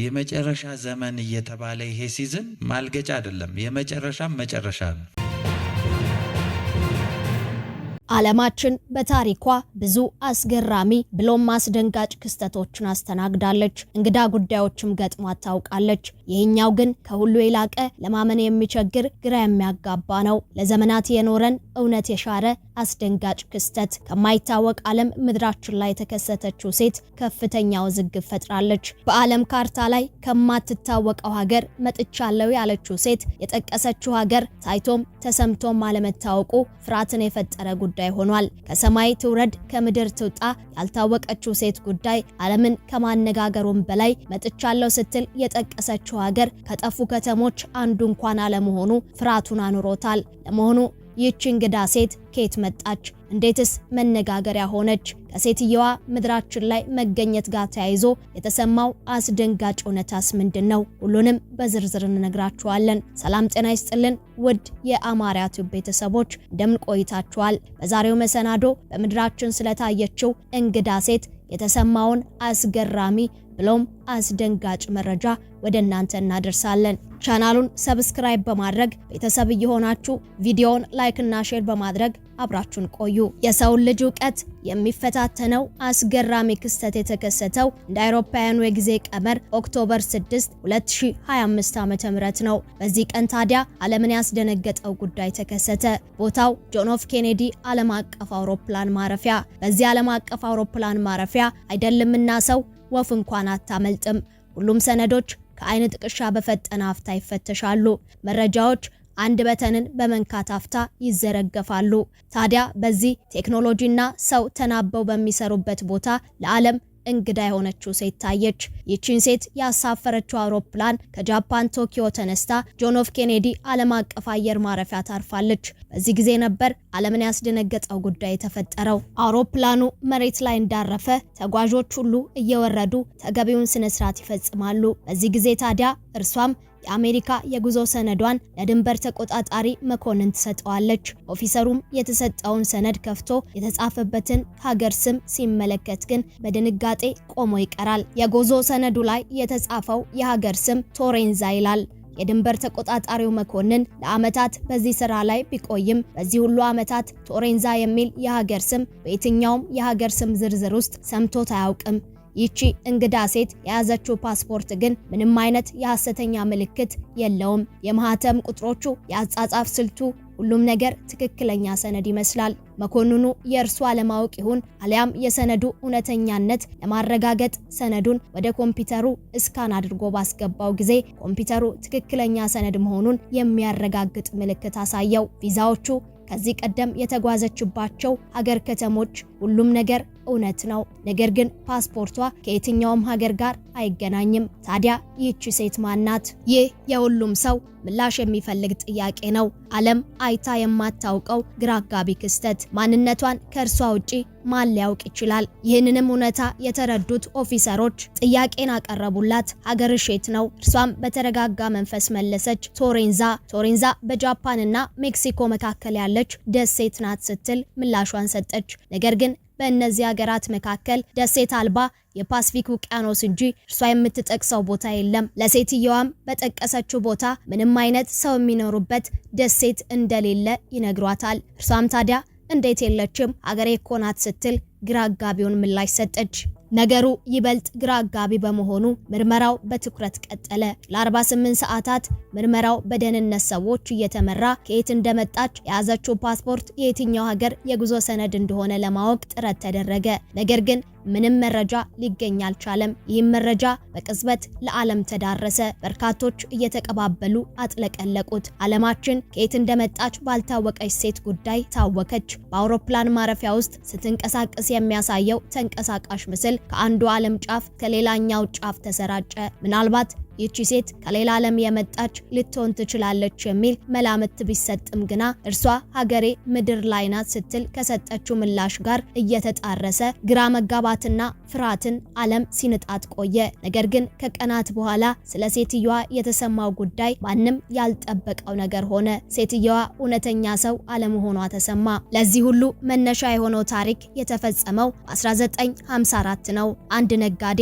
የመጨረሻ ዘመን እየተባለ ይሄ ሲዝን ማልገጫ አይደለም፣ የመጨረሻም መጨረሻ ነው። ዓለማችን በታሪኳ ብዙ አስገራሚ ብሎም አስደንጋጭ ክስተቶችን አስተናግዳለች። እንግዳ ጉዳዮችም ገጥሟ ታውቃለች። ይህኛው ግን ከሁሉ የላቀ ለማመን የሚቸግር ግራ የሚያጋባ ነው። ለዘመናት የኖረን እውነት የሻረ አስደንጋጭ ክስተት ከማይታወቅ ዓለም ምድራችን ላይ የተከሰተችው ሴት ከፍተኛ ውዝግብ ፈጥራለች። በዓለም ካርታ ላይ ከማትታወቀው ሀገር መጥቻለሁ ያለችው ሴት የጠቀሰችው ሀገር ታይቶም ተሰምቶም አለመታወቁ ፍርሃትን የፈጠረ ጉዳይ ጉዳይ ሆኗል። ከሰማይ ትውረድ ከምድር ትውጣ ያልታወቀችው ሴት ጉዳይ ዓለምን ከማነጋገሩም በላይ መጥቻለሁ ስትል የጠቀሰችው ሀገር ከጠፉ ከተሞች አንዱ እንኳን አለመሆኑ ፍርሃቱን አኑሮታል። ለመሆኑ ይህች እንግዳ ሴት ከየት መጣች? እንዴትስ መነጋገሪያ ሆነች? ከሴትየዋ ምድራችን ላይ መገኘት ጋር ተያይዞ የተሰማው አስደንጋጭ እውነታስ ምንድን ነው? ሁሉንም በዝርዝር እንነግራችኋለን። ሰላም ጤና ይስጥልን ውድ የአማርያ ቲዩብ ቤተሰቦች እንደምን ቆይታችኋል? በዛሬው መሰናዶ በምድራችን ስለታየችው እንግዳ ሴት የተሰማውን አስገራሚ ብሎም አስደንጋጭ መረጃ ወደ እናንተ እናደርሳለን። ቻናሉን ሰብስክራይብ በማድረግ ቤተሰብ እየሆናችሁ ቪዲዮውን ላይክና ሼር በማድረግ አብራችሁን ቆዩ። የሰውን ልጅ እውቀት የሚፈታተነው አስገራሚ ክስተት የተከሰተው እንደ አውሮፓውያኑ የጊዜ ቀመር ኦክቶበር 6 2025 ዓ.ም ነው። በዚህ ቀን ታዲያ ዓለምን ያስደነገጠው ጉዳይ ተከሰተ። ቦታው ጆን ኤፍ ኬኔዲ ዓለም አቀፍ አውሮፕላን ማረፊያ። በዚህ ዓለም አቀፍ አውሮፕላን ማረፊያ አይደለምና ሰው ወፍ እንኳን አታመልጥም። ሁሉም ሰነዶች ከአይን ጥቅሻ በፈጠነ አፍታ ይፈተሻሉ። መረጃዎች አንድ በተንን በመንካት አፍታ ይዘረገፋሉ። ታዲያ በዚህ ቴክኖሎጂና ሰው ተናበው በሚሰሩበት ቦታ ለዓለም እንግዳ የሆነችው ሴት ታየች። ይህችን ሴት ያሳፈረችው አውሮፕላን ከጃፓን ቶኪዮ ተነስታ ጆን ኤፍ ኬኔዲ ዓለም አቀፍ አየር ማረፊያ ታርፋለች። በዚህ ጊዜ ነበር ዓለምን ያስደነገጠው ጉዳይ የተፈጠረው። አውሮፕላኑ መሬት ላይ እንዳረፈ ተጓዦች ሁሉ እየወረዱ ተገቢውን ስነ ስርዓት ይፈጽማሉ። በዚህ ጊዜ ታዲያ እርሷም የአሜሪካ የጉዞ ሰነዷን ለድንበር ተቆጣጣሪ መኮንን ትሰጠዋለች። ኦፊሰሩም የተሰጠውን ሰነድ ከፍቶ የተጻፈበትን ሀገር ስም ሲመለከት ግን በድንጋጤ ቆሞ ይቀራል። የጉዞ ሰነዱ ላይ የተጻፈው የሀገር ስም ቶሬንዛ ይላል። የድንበር ተቆጣጣሪው መኮንን ለአመታት በዚህ ስራ ላይ ቢቆይም በዚህ ሁሉ አመታት ቶሬንዛ የሚል የሀገር ስም በየትኛውም የሀገር ስም ዝርዝር ውስጥ ሰምቶት አያውቅም። ይቺ እንግዳ ሴት የያዘችው ፓስፖርት ግን ምንም አይነት የሐሰተኛ ምልክት የለውም። የማህተም ቁጥሮቹ፣ የአጻጻፍ ስልቱ፣ ሁሉም ነገር ትክክለኛ ሰነድ ይመስላል። መኮንኑ የእርሱ አለማወቅ ይሁን አሊያም የሰነዱ እውነተኛነት ለማረጋገጥ ሰነዱን ወደ ኮምፒውተሩ እስካን አድርጎ ባስገባው ጊዜ ኮምፒውተሩ ትክክለኛ ሰነድ መሆኑን የሚያረጋግጥ ምልክት አሳየው። ቪዛዎቹ ከዚህ ቀደም የተጓዘችባቸው ሀገር ከተሞች ሁሉም ነገር እውነት ነው። ነገር ግን ፓስፖርቷ ከየትኛውም ሀገር ጋር አይገናኝም። ታዲያ ይቺ ሴት ማናት? ይህ የሁሉም ሰው ምላሽ የሚፈልግ ጥያቄ ነው። ዓለም አይታ የማታውቀው ግራ አጋቢ ክስተት። ማንነቷን ከእርሷ ውጪ ማን ሊያውቅ ይችላል? ይህንንም እውነታ የተረዱት ኦፊሰሮች ጥያቄን አቀረቡላት። ሀገርሽ የት ነው? እርሷም በተረጋጋ መንፈስ መለሰች፣ ቶሬንዛ። ቶሬንዛ በጃፓንና ሜክሲኮ መካከል ያለች ደሴት ናት ስትል ምላሿን ሰጠች። ነገር ግን በእነዚህ ሀገራት መካከል ደሴት አልባ የፓስፊክ ውቅያኖስ እንጂ እርሷ የምትጠቅሰው ቦታ የለም። ለሴትየዋም በጠቀሰችው ቦታ ምንም አይነት ሰው የሚኖሩበት ደሴት እንደሌለ ይነግሯታል። እርሷም ታዲያ እንዴት የለችም ሀገሬ እኮ ናት ስትል ግራ አጋቢውን ምላሽ ሰጠች። ነገሩ ይበልጥ ግራ አጋቢ በመሆኑ ምርመራው በትኩረት ቀጠለ። ለ48 ሰዓታት ምርመራው በደህንነት ሰዎች እየተመራ ከየት እንደመጣች፣ የያዘችው ፓስፖርት፣ የየትኛው ሀገር የጉዞ ሰነድ እንደሆነ ለማወቅ ጥረት ተደረገ። ነገር ግን ምንም መረጃ ሊገኝ አልቻለም። ይህም መረጃ በቅጽበት ለዓለም ተዳረሰ። በርካቶች እየተቀባበሉ አጥለቀለቁት። ዓለማችን ከየት እንደመጣች ባልታወቀች ሴት ጉዳይ ታወከች። በአውሮፕላን ማረፊያ ውስጥ ስትንቀሳቀስ የሚያሳየው ተንቀሳቃሽ ምስል ከአንዱ ዓለም ጫፍ ከሌላኛው ጫፍ ተሰራጨ። ምናልባት ይቺ ሴት ከሌላ ዓለም የመጣች ልትሆን ትችላለች የሚል መላምት ቢሰጥም ግና እርሷ ሀገሬ ምድር ላይ ናት ስትል ከሰጠችው ምላሽ ጋር እየተጣረሰ ግራ መጋባትና ፍርሃትን ዓለም ሲንጣት ቆየ። ነገር ግን ከቀናት በኋላ ስለ ሴትየዋ የተሰማው ጉዳይ ማንም ያልጠበቀው ነገር ሆነ። ሴትየዋ እውነተኛ ሰው አለመሆኗ ተሰማ። ለዚህ ሁሉ መነሻ የሆነው ታሪክ የተፈጸመው 1954 ነው። አንድ ነጋዴ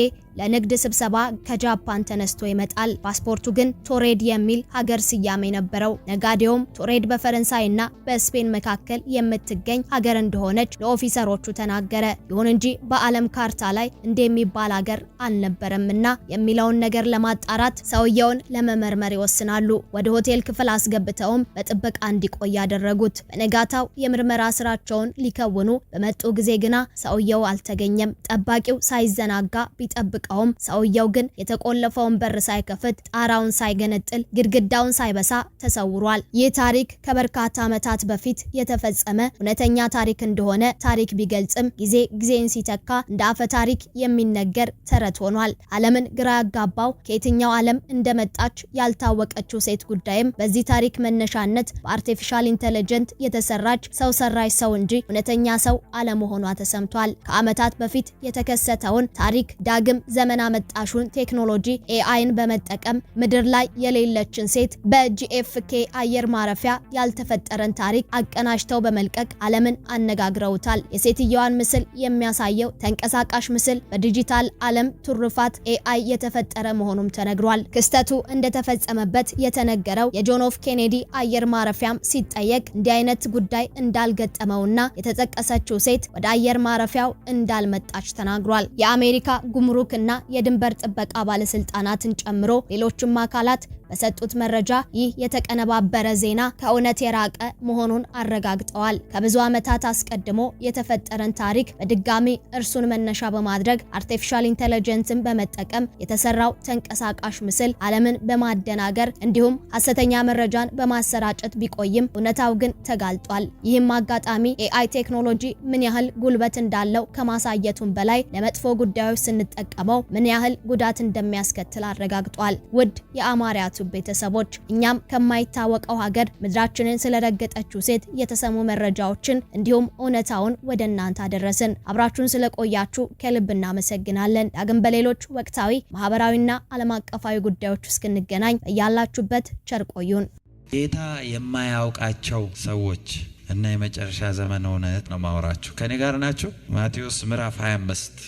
ለንግድ ስብሰባ ከጃፓን ተነስቶ ይመጣል። ፓስፖርቱ ግን ቶሬድ የሚል ሀገር ስያሜ ነበረው። ነጋዴውም ቶሬድ በፈረንሳይና በስፔን መካከል የምትገኝ ሀገር እንደሆነች ለኦፊሰሮቹ ተናገረ። ይሁን እንጂ በዓለም ካርታ ላይ እንደሚባል ሀገር አልነበረምና የሚለውን ነገር ለማጣራት ሰውየውን ለመመርመር ይወስናሉ። ወደ ሆቴል ክፍል አስገብተውም በጥበቃ እንዲቆይ ያደረጉት። በነጋታው የምርመራ ስራቸውን ሊከውኑ በመጡ ጊዜ ግና ሰውየው አልተገኘም። ጠባቂው ሳይዘናጋ ቢጠብቅ ቢያጠቃውም ሰውየው ግን የተቆለፈውን በር ሳይከፍት ጣራውን ሳይገነጥል ግድግዳውን ሳይበሳ ተሰውሯል። ይህ ታሪክ ከበርካታ ዓመታት በፊት የተፈጸመ እውነተኛ ታሪክ እንደሆነ ታሪክ ቢገልጽም ጊዜ ጊዜን ሲተካ እንደ አፈ ታሪክ የሚነገር ተረት ሆኗል። ዓለምን ግራ ያጋባው ከየትኛው ዓለም እንደመጣች ያልታወቀችው ሴት ጉዳይም በዚህ ታሪክ መነሻነት በአርቲፊሻል ኢንተለጀንት የተሰራች ሰው ሰራሽ ሰው እንጂ እውነተኛ ሰው አለመሆኗ ተሰምቷል። ከዓመታት በፊት የተከሰተውን ታሪክ ዳግም ዘመን አመጣሹን ቴክኖሎጂ ኤአይን በመጠቀም ምድር ላይ የሌለችን ሴት በጂኤፍኬ አየር ማረፊያ ያልተፈጠረን ታሪክ አቀናጅተው በመልቀቅ ዓለምን አነጋግረውታል። የሴትየዋን ምስል የሚያሳየው ተንቀሳቃሽ ምስል በዲጂታል ዓለም ትሩፋት ኤአይ የተፈጠረ መሆኑም ተነግሯል። ክስተቱ እንደተፈጸመበት የተነገረው የጆን ኤፍ ኬኔዲ አየር ማረፊያም ሲጠየቅ እንዲህ አይነት ጉዳይ እንዳልገጠመውና የተጠቀሰችው ሴት ወደ አየር ማረፊያው እንዳልመጣች ተናግሯል። የአሜሪካ ጉምሩክ እና የድንበር ጥበቃ ባለስልጣናትን ጨምሮ ሌሎችም አካላት በሰጡት መረጃ ይህ የተቀነባበረ ዜና ከእውነት የራቀ መሆኑን አረጋግጠዋል። ከብዙ ዓመታት አስቀድሞ የተፈጠረን ታሪክ በድጋሚ እርሱን መነሻ በማድረግ አርቲፊሻል ኢንተለጀንስን በመጠቀም የተሰራው ተንቀሳቃሽ ምስል ዓለምን በማደናገር እንዲሁም ሐሰተኛ መረጃን በማሰራጨት ቢቆይም እውነታው ግን ተጋልጧል። ይህም አጋጣሚ ኤአይ ቴክኖሎጂ ምን ያህል ጉልበት እንዳለው ከማሳየቱም በላይ ለመጥፎ ጉዳዮች ስንጠቀመው ምን ያህል ጉዳት እንደሚያስከትል አረጋግጧል። ውድ የአማርያ የሁለቱም ቤተሰቦች። እኛም ከማይታወቀው ሀገር ምድራችንን ስለረገጠችው ሴት የተሰሙ መረጃዎችን እንዲሁም እውነታውን ወደ እናንተ አደረስን። አብራችሁን ስለቆያችሁ ከልብ እናመሰግናለን። ዳግም በሌሎች ወቅታዊ ማህበራዊና ዓለም አቀፋዊ ጉዳዮች እስክንገናኝ እያላችሁበት ቸር ቆዩን። ጌታ የማያውቃቸው ሰዎች እና የመጨረሻ ዘመን እውነት ነው ማውራችሁ። ከኔ ጋር ናችሁ። ማቴዎስ ምዕራፍ 25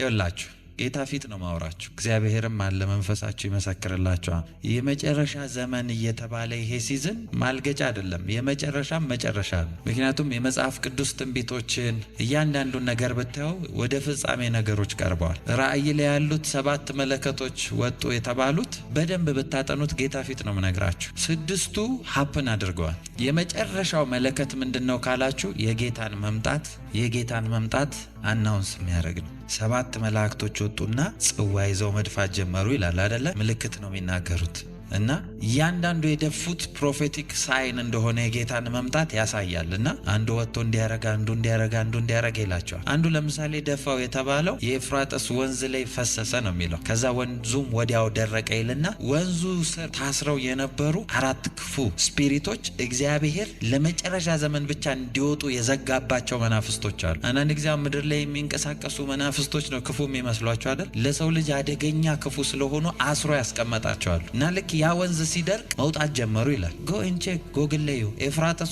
ይውላችሁ ጌታ ፊት ነው ማውራችሁ። እግዚአብሔርም አለ መንፈሳችሁ ይመሰክርላችኋል። የመጨረሻ ዘመን እየተባለ ይሄ ሲዝን ማልገጫ አይደለም፣ የመጨረሻም መጨረሻ ነው። ምክንያቱም የመጽሐፍ ቅዱስ ትንቢቶችን እያንዳንዱን ነገር ብታየው ወደ ፍጻሜ ነገሮች ቀርበዋል። ራእይ ላይ ያሉት ሰባት መለከቶች ወጡ የተባሉት በደንብ ብታጠኑት ጌታ ፊት ነው ምነግራችሁ። ስድስቱ ሀፕን አድርገዋል። የመጨረሻው መለከት ምንድን ነው ካላችሁ የጌታን መምጣት የጌታን መምጣት አናውንስ የሚያደርግ ነው። ሰባት መላእክቶች ወጡና ጽዋ ይዘው መድፋት ጀመሩ ይላል አደለ? ምልክት ነው የሚናገሩት። እና እያንዳንዱ የደፉት ፕሮፌቲክ ሳይን እንደሆነ የጌታን መምጣት ያሳያል። እና አንዱ ወጥቶ እንዲያረግ አንዱ እንዲያረግ አንዱ እንዲያረግ ይላቸዋል። አንዱ ለምሳሌ ደፋው የተባለው የኤፍራጠስ ወንዝ ላይ ፈሰሰ ነው የሚለው። ከዛ ወንዙም ወዲያው ደረቀ ይልና ወንዙ ስር ታስረው የነበሩ አራት ክፉ ስፒሪቶች እግዚአብሔር ለመጨረሻ ዘመን ብቻ እንዲወጡ የዘጋባቸው መናፍስቶች አሉ። አንዳንድ ጊዜ ምድር ላይ የሚንቀሳቀሱ መናፍስቶች ነው ክፉ የሚመስሏቸው አይደል? ለሰው ልጅ አደገኛ ክፉ ስለሆኑ አስሮ ያስቀመጣቸዋሉ እና ልክ ያ ወንዝ ሲደርቅ መውጣት ጀመሩ ይላል። ጎ እንቼ ጎግል ዩ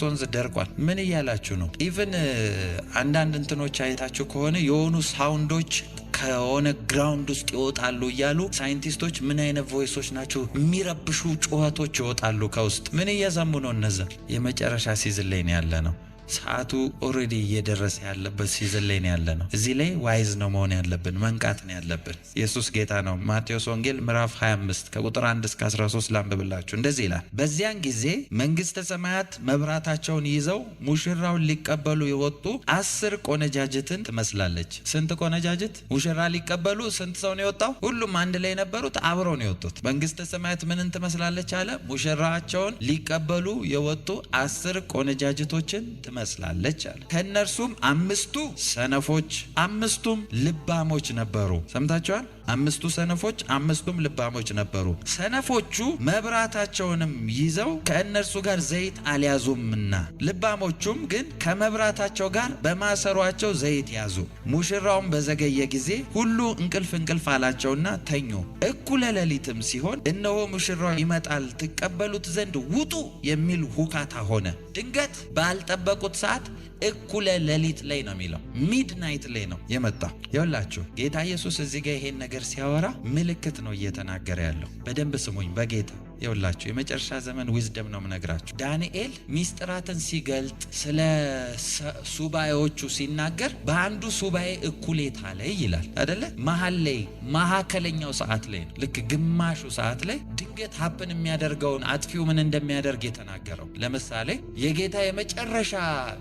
ወንዝ ደርቋል። ምን እያላችሁ ነው? ኢቨን uh, አንዳንድ እንትኖች አይታችሁ ከሆነ የሆኑ ሳውንዶች ከሆነ ግራውንድ ውስጥ ይወጣሉ እያሉ ሳይንቲስቶች ምን አይነት ቮይሶች ናቸው የሚረብሹ ጩኸቶች ይወጣሉ ከውስጥ ምን እየዘሙ ነው እነዚ የመጨረሻ ሲዝን ላይ ነው ያለ ነው ሰዓቱ ኦልሬዲ እየደረሰ ያለበት ሲዝን ላይ ነው ያለ ነው። እዚህ ላይ ዋይዝ ነው መሆን ያለብን፣ መንቃት ነው ያለብን። ኢየሱስ ጌታ ነው። ማቴዎስ ወንጌል ምዕራፍ 25 ከቁጥር 1 እስከ 13 ላንብብላችሁ። እንደዚህ ይላል፣ በዚያን ጊዜ መንግስተ ሰማያት መብራታቸውን ይዘው ሙሽራውን ሊቀበሉ የወጡ አስር ቆነጃጅትን ትመስላለች። ስንት ቆነጃጅት ሙሽራ ሊቀበሉ ስንት ሰው ነው የወጣው? ሁሉም አንድ ላይ የነበሩት አብረው ነው የወጡት። መንግስተ ሰማያት ምንን ትመስላለች አለ? ሙሽራቸውን ሊቀበሉ የወጡ አስር ቆነጃጅቶችን ትመስላለች አለ። ከእነርሱም አምስቱ ሰነፎች፣ አምስቱም ልባሞች ነበሩ። ሰምታችኋል? አምስቱ ሰነፎች አምስቱም ልባሞች ነበሩ። ሰነፎቹ መብራታቸውንም ይዘው ከእነርሱ ጋር ዘይት አልያዙምና፣ ልባሞቹም ግን ከመብራታቸው ጋር በማሰሯቸው ዘይት ያዙ። ሙሽራውም በዘገየ ጊዜ ሁሉ እንቅልፍ እንቅልፍ አላቸውና ተኙ። እኩለ ሌሊትም ሲሆን እነሆ ሙሽራው ይመጣል፣ ትቀበሉት ዘንድ ውጡ የሚል ሁካታ ሆነ። ድንገት ባልጠበቁት ሰዓት እኩለ ሌሊት ላይ ነው የሚለው ሚድናይት ላይ ነው የመጣ። ይኸውላችሁ ጌታ ኢየሱስ እዚህ ጋር ይሄን ነገር ነገር ሲያወራ ምልክት ነው እየተናገረ ያለው። በደንብ ስሙኝ በጌታ የውላችሁ የመጨረሻ ዘመን ዊዝደም ነው ምነግራችሁ። ዳንኤል ሚስጥራትን ሲገልጥ ስለ ሱባኤዎቹ ሲናገር በአንዱ ሱባኤ እኩሌታ ላይ ይላል አደለ? መሀል ላይ መሀከለኛው ሰዓት ላይ ነው። ልክ ግማሹ ሰዓት ላይ ድንገት ሀፕን የሚያደርገውን አጥፊው ምን እንደሚያደርግ የተናገረው። ለምሳሌ የጌታ የመጨረሻ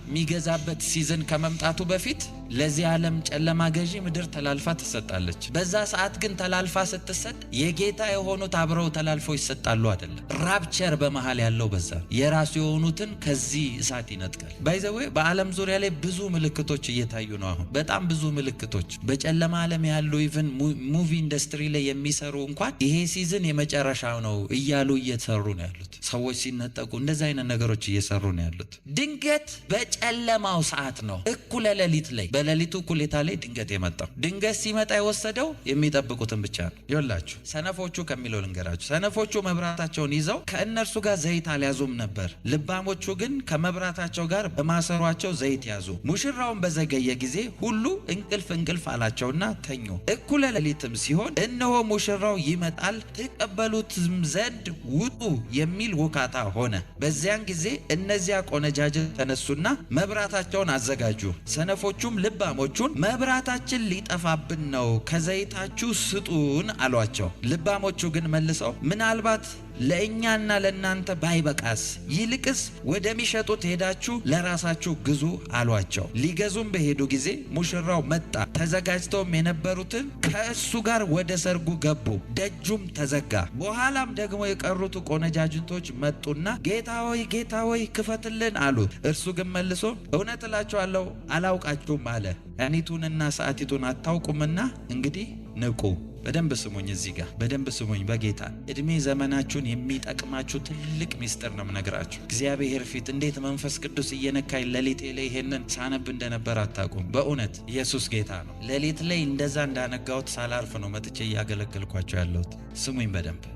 የሚገዛበት ሲዝን ከመምጣቱ በፊት ለዚህ ዓለም ጨለማ ገዢ ምድር ተላልፋ ትሰጣለች። በዛ ሰዓት ግን ተላልፋ ስትሰጥ የጌታ የሆኑት አብረው ተላልፈው ይሰጣሉ አይደለም። ራፕቸር በመሃል ያለው በዛ የራሱ የሆኑትን ከዚህ እሳት ይነጥቃል። ባይዘዌ በዓለም ዙሪያ ላይ ብዙ ምልክቶች እየታዩ ነው። አሁን በጣም ብዙ ምልክቶች በጨለማ ዓለም ያሉ ኢቨን ሙቪ ኢንዱስትሪ ላይ የሚሰሩ እንኳን ይሄ ሲዝን የመጨረሻ ነው እያሉ እየሰሩ ነው ያሉት። ሰዎች ሲነጠቁ እንደዚ አይነት ነገሮች እየሰሩ ነው ያሉት። ድንገት በጨለማው ሰዓት ነው እኩለ ሌሊት ላይ በሌሊቱ ኩሌታ ላይ ድንገት የመጣው ድንገት ሲመጣ የወሰደው የሚጠብቁትን ብቻ ነው። ይወላችሁ ሰነፎቹ ከሚለው ልንገራችሁ። ሰነፎቹ መብራታቸውን ይዘው ከእነርሱ ጋር ዘይት አልያዙም ነበር። ልባሞቹ ግን ከመብራታቸው ጋር በማሰሯቸው ዘይት ያዙ። ሙሽራውን በዘገየ ጊዜ ሁሉ እንቅልፍ እንቅልፍ አላቸውና ተኙ። እኩለ ሌሊትም ሲሆን እነሆ ሙሽራው ይመጣል፣ ትቀበሉትም ዘንድ ውጡ የሚል ውካታ ሆነ። በዚያን ጊዜ እነዚያ ቆነጃጅ ተነሱና መብራታቸውን አዘጋጁ። ሰነፎቹም ልባሞቹን መብራታችን ሊጠፋብን ነው፣ ከዘይታችሁ ስጡን አሏቸው። ልባሞቹ ግን መልሰው ምናልባት ለእኛና ለእናንተ ባይበቃስ? ይልቅስ ወደሚሸጡት ሄዳችሁ ለራሳችሁ ግዙ አሏቸው። ሊገዙም በሄዱ ጊዜ ሙሽራው መጣ። ተዘጋጅተውም የነበሩትን ከእሱ ጋር ወደ ሰርጉ ገቡ። ደጁም ተዘጋ። በኋላም ደግሞ የቀሩት ቆነጃጅንቶች መጡና ጌታ ሆይ ጌታ ሆይ ክፈትልን አሉት። እርሱ ግን መልሶ እውነት እላችኋለሁ አላውቃችሁም አለ። ቀኒቱንና ሰዓቲቱን አታውቁምና እንግዲህ ንቁ። በደንብ ስሙኝ፣ እዚህ ጋር በደንብ ስሙኝ። በጌታ እድሜ ዘመናችሁን የሚጠቅማችሁ ትልቅ ሚስጥር ነው ምነግራችሁ። እግዚአብሔር ፊት እንዴት መንፈስ ቅዱስ እየነካኝ ሌሊቴ ላይ ይሄንን ሳነብ እንደነበር አታውቁም። በእውነት ኢየሱስ ጌታ ነው። ሌሊት ላይ እንደዛ እንዳነጋሁት ሳላርፍ ነው መጥቼ እያገለገልኳቸው ያለሁት። ስሙኝ በደንብ